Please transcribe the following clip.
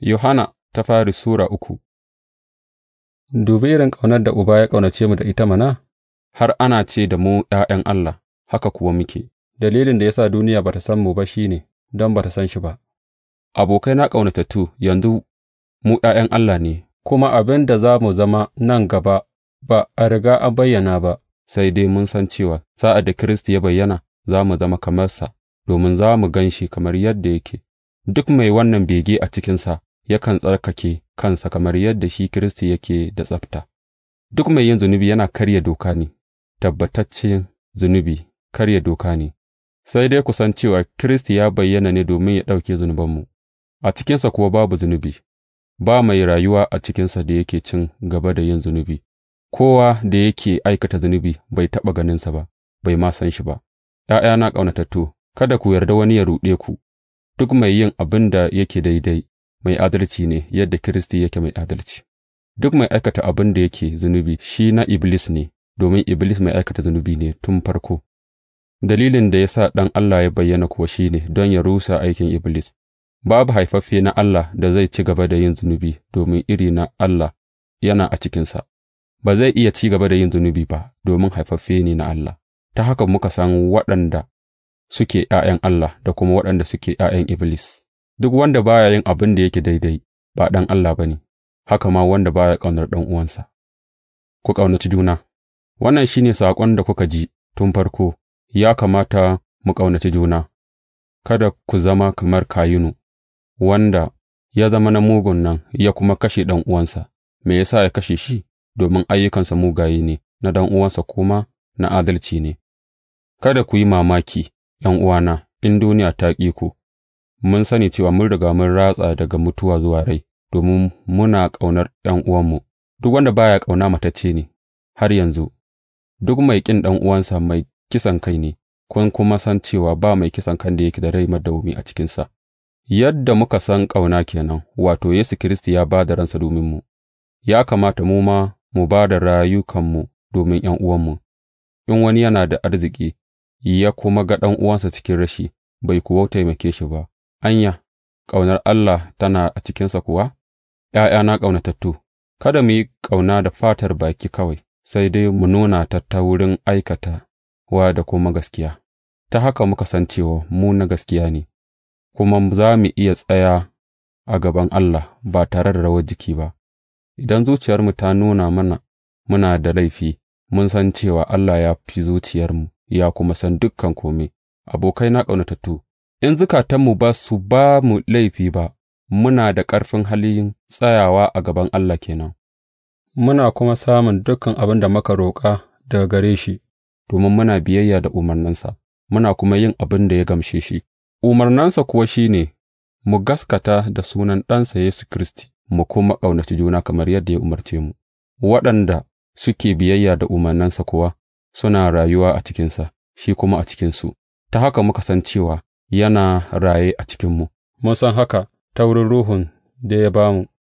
Yohana ta fari Sura uku Dubi irin ƙaunar da Uba ya ƙaunace mu da ita mana, har ana ce da mu ’ya'yan Allah, haka kuwa muke, dalilin da ya sa duniya ba ta san mu ba shi ne, don ba ta san shi ba. Abokai Abokaina ƙaunatattu, yanzu mu ’ya'yan Allah ne, kuma abin da za mu zama nan gaba ba a riga a bayyana ba, sai dai mun san cewa sa'ad da Kiristi ya bayyana, za mu zama kamar sa, domin za mu gan shi kamar yadda yake. Duk mai wannan bege a cikinsa yakan tsarkake kansa kamar yadda shi Kiristi yake da tsafta. Duk mai yin zunubi yana karya doka ne, tabbataccen zunubi karya doka ne, sai dai kusan cewa Kiristi ya bayyana ne domin ya ɗauke zunubanmu, a cikinsa kuwa babu zunubi, ba mai rayuwa a cikinsa da yake cin gaba da yin zunubi, kowa da yake aikata zunubi bai taɓa ganinsa ba, bai ma san shi ba. ’Ya'yana ƙaunatattu, kada ku yarda wani ya ruɗe ku, duk mai yin abin da yake daidai mai adalci ne yadda Kiristi yake mai adalci. Duk mai aikata abin da yake zunubi shi na Iblis ne, domin Iblis mai aikata zunubi ne tun farko. Dalilin da ya sa Ɗan Allah ya bayyana kuwa shi ne don ya rusa aikin Iblis. Babu haifaffe na Allah da zai ci gaba da yin zunubi domin iri na Allah yana a cikinsa. Ba zai iya ci gaba da yin zunubi ba domin haifaffe ne na Allah. Ta haka muka san waɗanda suke ’ya'yan Allah da kuma waɗanda suke ’ya'yan Iblis. Duk wanda ba ya yin abin da yake daidai ba ɗan Allah ba ne, haka ma wanda ba ya ƙaunar uwansa. Ku ƙaunaci juna Wannan shi ne saƙon da kuka ji tun farko, ya kamata mu ƙaunaci juna, kada ku zama kamar Kayinu, wanda ya zama na mugun nan ya kuma kashe ɗan uwansa, me ya sa ya kashe shi, domin ayyukansa mugaye ne, na uwansa kuma na adalci ne. Kada ku yi mamaki, ’yan uwana, in duniya ta ƙi ku, mun sani cewa mun riga mun ratsa daga mutuwa zuwa rai, domin muna ƙaunar uwanmu duk wanda baya ƙauna matacce ne, har yanzu, duk mai ƙin uwansa mai kisan kai ne, kun kuma san cewa ba mai kisan kan da yake da rai madawwami a cikinsa. Yadda muka san ƙauna kenan, wato, Yesu Kiristi ya ba da ransa dominmu, ya kamata mu ma mu ba da rayukanmu domin 'yan uwanmu in wani yana da arziki, ya kuma ga ɗan uwansa cikin rashi, bai kuwa taimake shi ba, Anya, ƙaunar Allah tana a cikinsa kuwa? ’Ya'yana ƙaunatattu, kada mu yi ƙauna da fatar baki kawai, sai dai mu nuna ta ta wurin wa da kuma gaskiya, ta haka muka san cewa mu na gaskiya ne, kuma za mu iya tsaya a gaban Allah ba tare da rawar jiki ba, idan zuciyarmu ta nuna mana muna da laifi, mun san cewa Allah ya fi zuciyarmu ya kuma san dukan kome. na ƙaunatattu. in zukatanmu ba su ba mu laifi ba, muna da ƙarfin halin tsayawa a gaban Allah kenan, muna kuma samun dukan abin da muka roƙa daga gare shi, domin muna biyayya da umarninsa, muna kuma yin abin da ya gamshe shi. Umarnansa kuwa shi ne, mu gaskata da sunan ɗansa Yesu Kiristi, mu kuma ƙaunaci juna kamar yadda ya umarce mu, waɗanda suke biyayya da umarnansa kuwa suna rayuwa a cikinsa, shi kuma a cikinsu, ta haka muka san cewa yana raye a cikinmu, mun san haka ta wurin Ruhun da ya ba mu.